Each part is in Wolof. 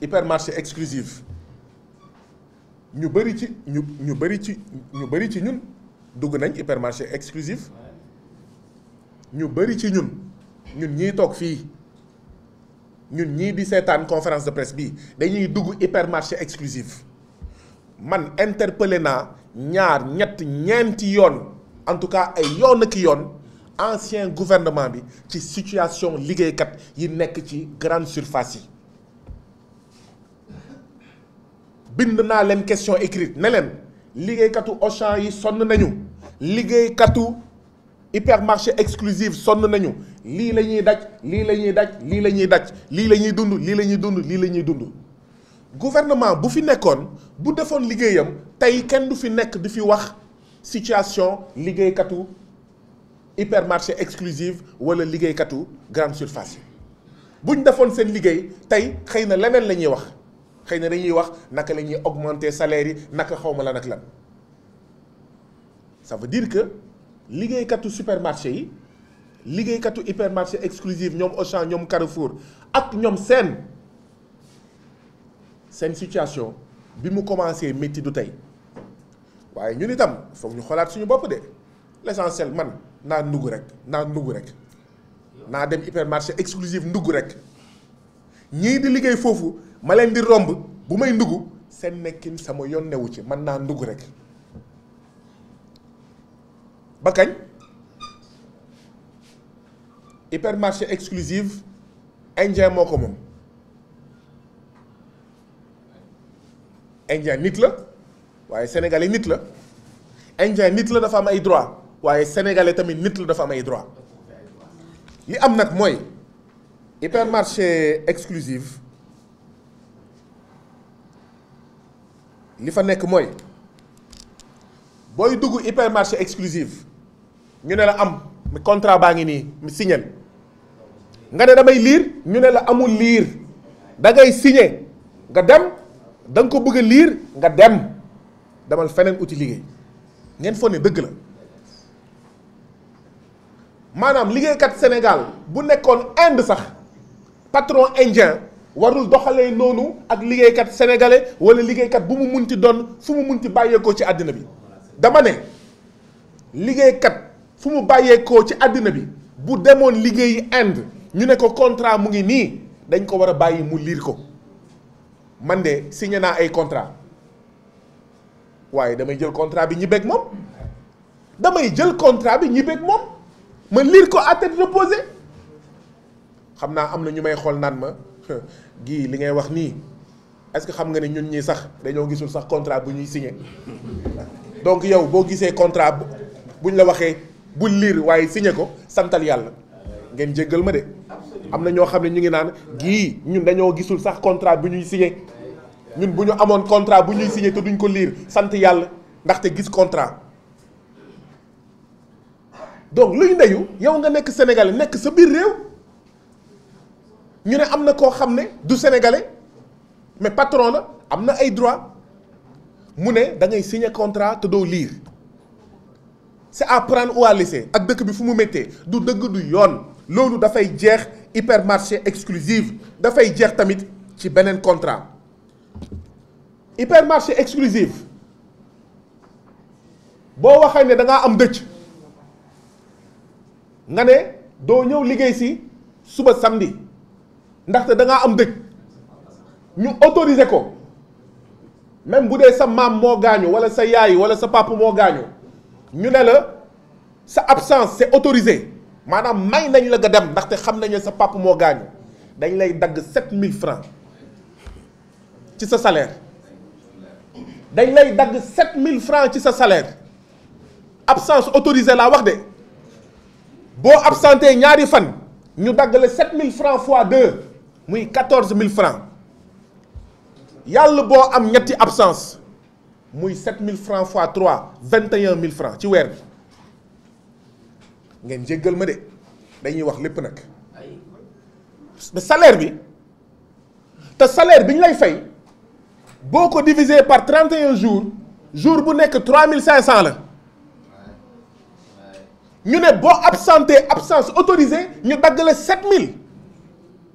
hypermarché exclusif ñu bëri ci ñu ñu bëri ci ñu bëri ci ñun dugg nañ hypermarché exclusif ñu bari ci ñun ñun ñi tok fi ñun ñi di sétane conférence de presse bi dañuy dugg hypermarché exclusif man interpellé na ñaar ñett ñeenti yoon en tout cas ay yoon ak yoon ancien gouvernement bi ci situation kat yi nekk ci grande surface yi bind naa question écrite nelen liguey katou Auchan yi sonn nañu katou hypermarché exclusive sonn nañu li lañuy ñuy daj lii dac ñuy daj lii la ñuy daj dund li lañuy dund li lañuy dund gouvernement bu fi nekkoon bu defoon liggéeyam tay kenn du fi nekk di fi wax situation liggéeykatu hypermarché exclusive wala katou grande surface buñ defone sen liguey tay xeyna na lañuy wax xëy na dañuy wax naka la ñuy augmenter salaire yi naka xawma la nag lan ça veut dire que liggéeykatu supermarché yi liggéeykatu hypermarché exclusive ñoom Auchan ñoom Carrefour ak ñoom seen seen situation bi mu commencé métti du tey waaye ñun itam foog ñu xoolaat suñu bopp de l'essentiel man naa ndugg rek naa ndugg rek naa dem hypermarché exclusive ndugg rek ñii di liggéey foofu ma leen di romb bu may nduggu seen nekkin sama yoon newu ci man naa ndugg rek ba kañ hypermarché exclusive indien moo ko moom indien nit la waaye sénégalais nit la indien nit la dafa am ay droit waaye sénégalais tamit nit la dafa am ay droit li am nag mooy hypermarché exclusif. ce fa est moi si tu hypermarché exclusive ñu ne la am me contrat baa ngi nii nga ne damay liir ñu ne la amul da signé nga dem vous ko bëgg uti Madame, Sénégal Inde patron indien warul doxalee noonu ak liggéeykat sénégalais wala liggéeykat bu mu munti doon fu mu munti bàyyeekoo ci àddina bi dama ne liggéeykat fu mu bàyyeekoo ci àddina bi bu demoon liggéeyi Inde ñu ne ko contrat mu ngi nii dañ ko war a bàyyi mu liir ko man de signé naa ay contrat waaye damay jël contrat bi ñibbeeg moom damay jël contrat bi ñibbeeg moom ma liir ko à tête xam naa am na ñu may xool naan ma gii li ngay wax nii est que xam nga ne ñun ñii sax dañoo gisul sax contrat bu ñuy signé donc yow boo gisee contrat bu buñ la waxee bu liir waaye signé ko santal yàlla ngeen jéggal ma de am na ñoo xam ne ñu ngi naan gii ñun dañoo gisul sax contrat bu ñuy signé ñun bu ñu amoon contrat bu ñuy signé te duñ ko liir sant yàlla ndaxte gis contrat donc luy ndeyu yow nga nekk Sénégalais nekk sa biir réew. Nous ne des sénégalais mais patron la ont droit signer da contrat te lire c'est à prendre ou à laisser ak dëkk du hypermarché exclusive dafay tamit ci contrat hypermarché exclusive boo vous avez da ngaa am dëcc ne samedi ndaxte da nga am deug ñu autoriser ko même boudé sa maam mo gañu wala sa yaay wala sa papa mo gañu ñu né la sa absence c'est autorisé manam may nañ la ga dem ndaxte xam nañ sa papa mo gañu dañ lay dagg 7000 francs ci sa salaire dañ lay dagg 7000 francs ci sa salaire absence autorisée la wax dé bo absenté ñaari fan ñu dagg le 7000 francs fois 2 muy 14 francs Il y a une absence muy 7 000 francs fois 3, 21 francs ci avez ngeen ma dit. dañuy wax lépp salaire bi vous salaire bi par 31 jours jour bu vous 3500 500. absenté absence autorisée ñu avons 7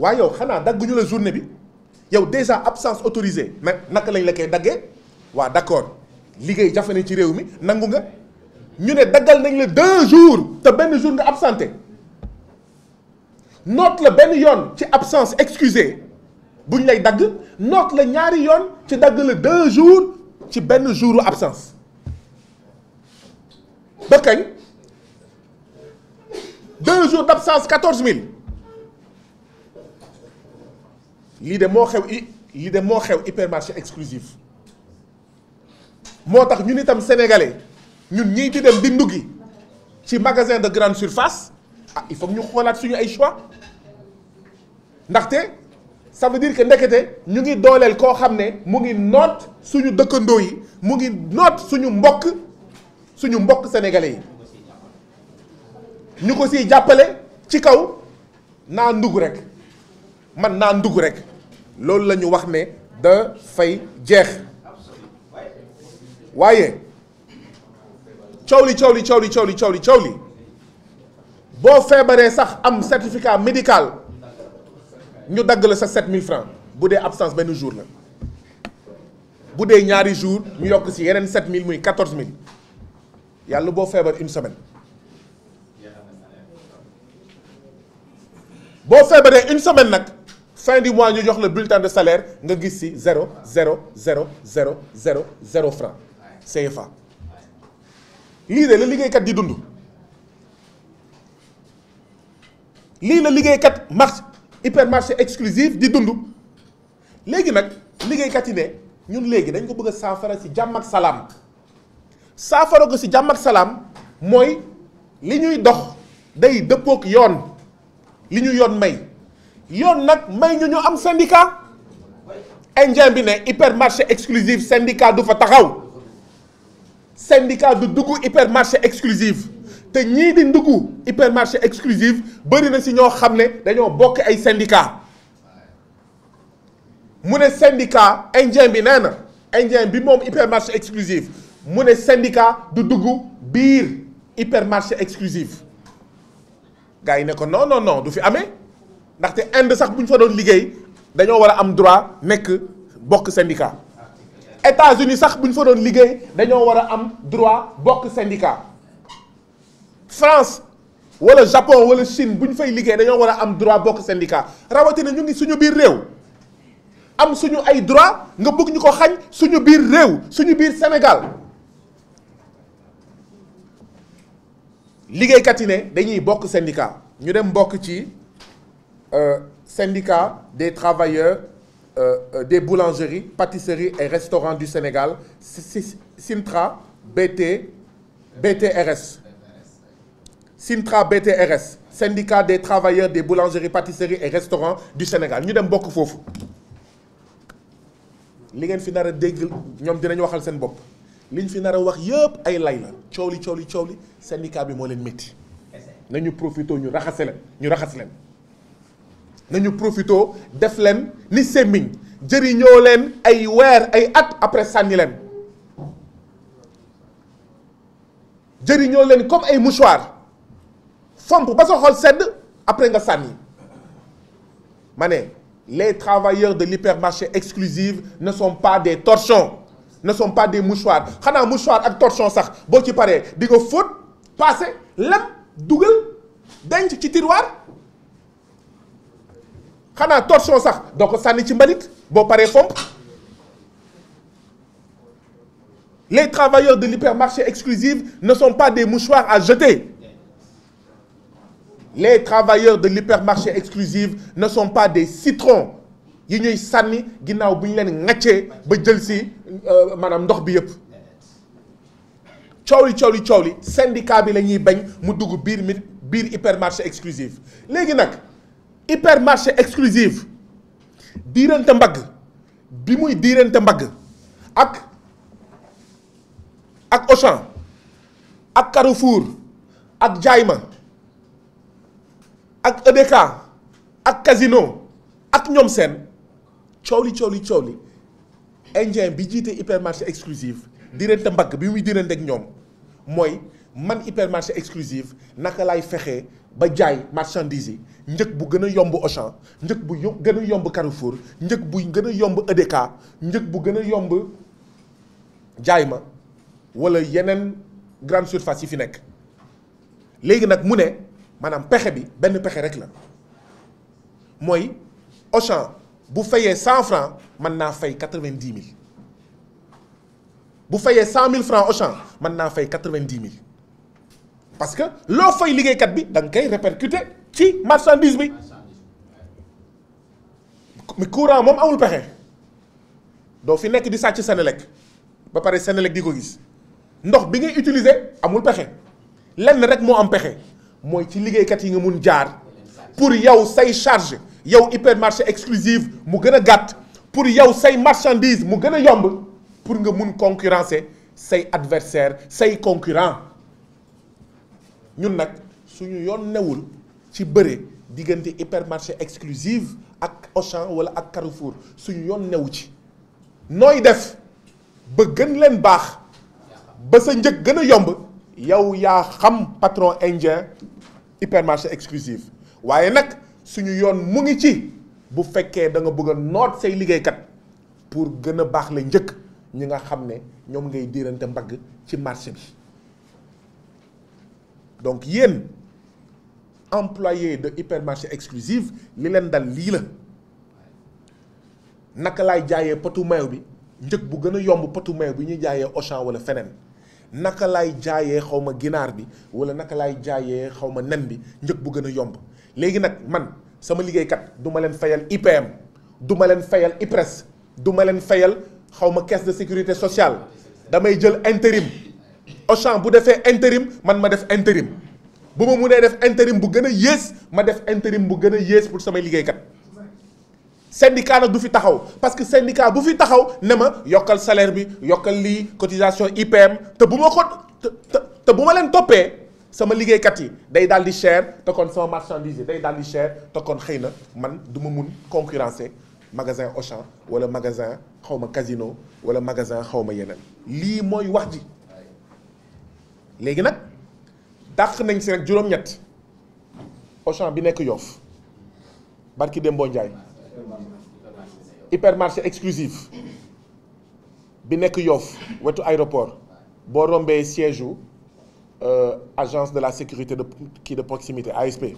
waaye yow xanaa dagguñu la journée bi yow déjà absence autorisée mais naka lañ la koy daggee waa d'accord Ligue jafe na ci réew mi nangu nga ñu ne daggal nañ la deux jours te benn jour nga absenté noot la benn yoon ci absence excusée buñ lay dagg noot la ñaari yoon ci dagg la deux jours ci benn jour absence ba kañ deux jours d'absence quatorze mille li de mo xew de hypermarché exclusif motax ñun sénégalais ñun ñi di dem di ci magasin de grande surface ah, il faut ñu nous suñu ay choix ça veut dire que nous ñu ngi nous ko xam qui mu ngi note suñu dëkkandoo yi mu ngi Nous suñu mbokk suñu mbokk sénégalais yi ñu ko siy ci kaw na ndug rek man na rek loolu la ñu wax ne da fay jeex waaye coow li coow li coow li coow li boo feebaree sax am certificat médical ñu dagg la sa 7000 francs bu dee absence benn jour la bu dee ñaari jour ñu yokk ci yeneen 7000 muy 14000 yàlla boo feebar une semaine boo feebaree une semaine nag fin du mois, nous avons le bulletin de salaire, nous avons ici 0, 0, 0, 0, 0, 0 francs. CFA. Ce qui C'est ce qui est le est le hypermarché exclusif de Dundu. Ce qui est le est le nous avons dit que nous avons dit salam. nous avons dit que salam, moy, que nous avons dit que nous avons dit yoon nag may ñu ñu am syndicat indien bi hypermarché exclusif syndicat du fa taxaw syndicat du dugg hypermarché exclusif te ñi di dugg hypermarché exclusif bari na si ñoo xamné dañoo bokk ay syndicat mu ne syndicat indien bi nee na indien bi hypermarché exclusif mu syndicat du dugg bir hypermarché exclusif gars yi ne ko non non non du fi amé ndaxte Inde sax bu ñu fa doon liggéey dañoo war a am droit nekk bokk syndicat États-Unis sax bu fa doon liggéey dañoo war a am droit bokk syndicat France wala Japon wala Chine bu ñu fay liggéey dañoo war a am droit bokk syndicat rawatina ñu ngi suñu biir réew am suñu ay droit nga bëgg ñu ko xañ suñu biir réew suñu biir Sénégal liggéeykat yi ne dañuy bokk syndicat ñu dem bokk ci. syndicat des travailleurs des boulangeries, pâtisseries et restaurants du Sénégal, Sintra BT, BTRS. Sintra BTRS, syndicat des travailleurs des boulangeries, pâtisseries et restaurants du Sénégal. Nous sommes beaucoup fofu. li ngeen fi nar a dégg ñoom dinañ waxal seen bopp liñ fi nar a wax yëpp ay lay la coow syndicat bi moo leen Nous nañu profité ñu Nous ñu nañu profitoo def leen ni semmiñ jëriñoo leen ay wèr ay at après sànni leen jëriñoo leen comme ay mouchoir fomp ba sa xol sedd après nga sànni Mané, les travailleurs de l'hypermarché exclusive ne sont pas des torchons ne sont pas des mouchoirs xana mouchoir ak torchon sax bo ci paré digo nga passer passé lem denc ci tiroir xanaa torsion sax donc ko ci mbalit bo paré pompe les travailleurs de l'hypermarché exclusive ne sont pas des mouchoirs à jeter les travailleurs de l'hypermarché exclusive ne sont pas des citrons yi ñuy sànni ginnaw bu ñu leen ŋaccee ba jël ci euh, maanaam ndox bi yépp coow li coow syndicat bi lañuy ñuy bañ mu dugg biir mi biir hypermarché exclusive légui nak hypermarché exclusive diirante mbag bi muy diirante mbag ak ak Auchan ak Carrefour ak Jaayma ak EDK ak Casino ak ñom Sen, choli choli choli, li coow indien bi hypermarché exclusive diirante mbag bi muy diirante ak ñom moy man hypermarché exclusive naka lay fexé ba jaay marchandise de njëg bu gëna yomb Auchan njëg bu gëna yomb Carrefour e bu gëna yomb EDEKA njëg bu gëna yomb jaay wala yenen grande surface yi fi nek légui nak mu ne manam pexé bi parce que loo fay liggéeykat bi da nga koy répercuter ci marchandise bi mais courant moom amul pexe doo fi nekk di sàcc Senelec ba pare Senelec di ko gis ndox bi ngay utiliser amul pexe lenn rek moo am pexe mooy ci liggéeykat yi nga mun jaar pour yow say charge yow hypermarché exclusive mu gën a gàtt pour yow say marchandise mu gën a yomb pour nga mun concurrencer say adversaire say concurrent ñun nak suñu yoon newul ci bëre digënté hypermarché exclusive ak Auchan wala ak Carrefour suñu yoon newu ci noy def ba gën leen bax ba sa ñëk gëna yomb yow ya xam patron indien hypermarché exclusive waaye nak suñu yoon mu ngi ci bu fekkee da nga bëgg note noot say kat pour gëna bax la ñëk ñi nga xamné ne ngay diirante mbag ci marché bi donc yéen employé de hypermarché exclusive li leen dal lii la naka laay jaayee potu meew bi njëg bu gën a yomb potu meew bi ñuy jaye Auchan wala fenen. naka laay jaayee xaw ma bi wala naka laay jaayee nen bi njëg bu gën yomb léegi man sama liggéeykat du ma fayal IPM du ma fayal IPRES du ma fayal xaw caisse de sécurité sociale damay jël intérim Auchan bu defee intérim man ma def intérim bu ma munee def intérim bu gën a yées ma def intérim bu gën a yées pour sama liggéeykat syndicat nag du fi taxaw parce que syndicat bu fi taxaw ne ma yokkal salaire bi yokkal lii cotisation IPM te bu ma ko te te bu ma leen toppee sama liggéeykat yi day daal di cher te kon sama marchandise day daal di cher te kon xëy na man du ma mun concurrencer magasin Auchan wala magasin xaw ma Casino wala magasin xaw ma yeneen lii mooy wax ji. léegi nak dakh nañ bi barki Dembo hypermarché exclusif bi nek Yoff wetu aéroport bo siège euh, agence de la sécurité de de proximité ASP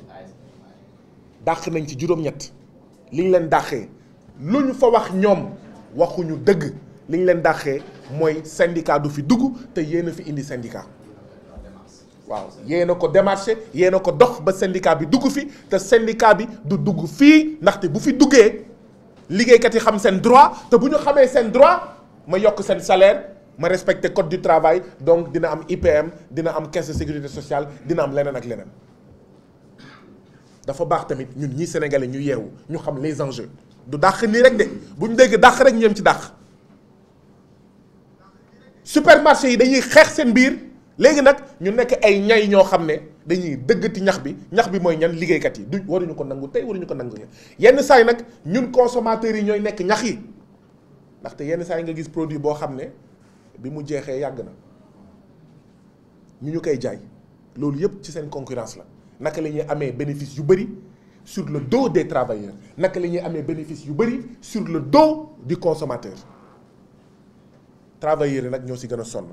dakh nañ ci juroom ñet liñ leen fa wax syndicat du fi te indi syndicat il y a marchés, a dox syndicat bi dugg fi syndicat bi du syndicats fii sont bu fi duggee droit droits ils ñu xamee droits... droit ma yokk salaire respecte code du travail donc dina am IPM dina am caisse de sécurité sociale dina am sont ak leneen dafa baax tamit ñun sénégalais ñu savons les enjeux du des rek de dégg rek ci supermarché léegi nag ñu nekk ay ñay ñoo xam ne dañuy dëggati ñax bi ñax bi mooy ñan liggéeykat yi du waruñu ko nangu tey waruñu ko nangu yenn saay nag ñun consommateurs yi ñooy nekk ñax yi ndaxte yenn saay nga gis produit boo xam ne bi mu jeexee yàgg na ñu ñu koy jaay loolu yëpp ci seen concurrence la naka la amee bénéfice yu bëri sur le dos des travailleurs naka la ñuy amee bénéfice yu bëri sur le dos du consommateur travailleurs yi nag ñoo si gën a sonn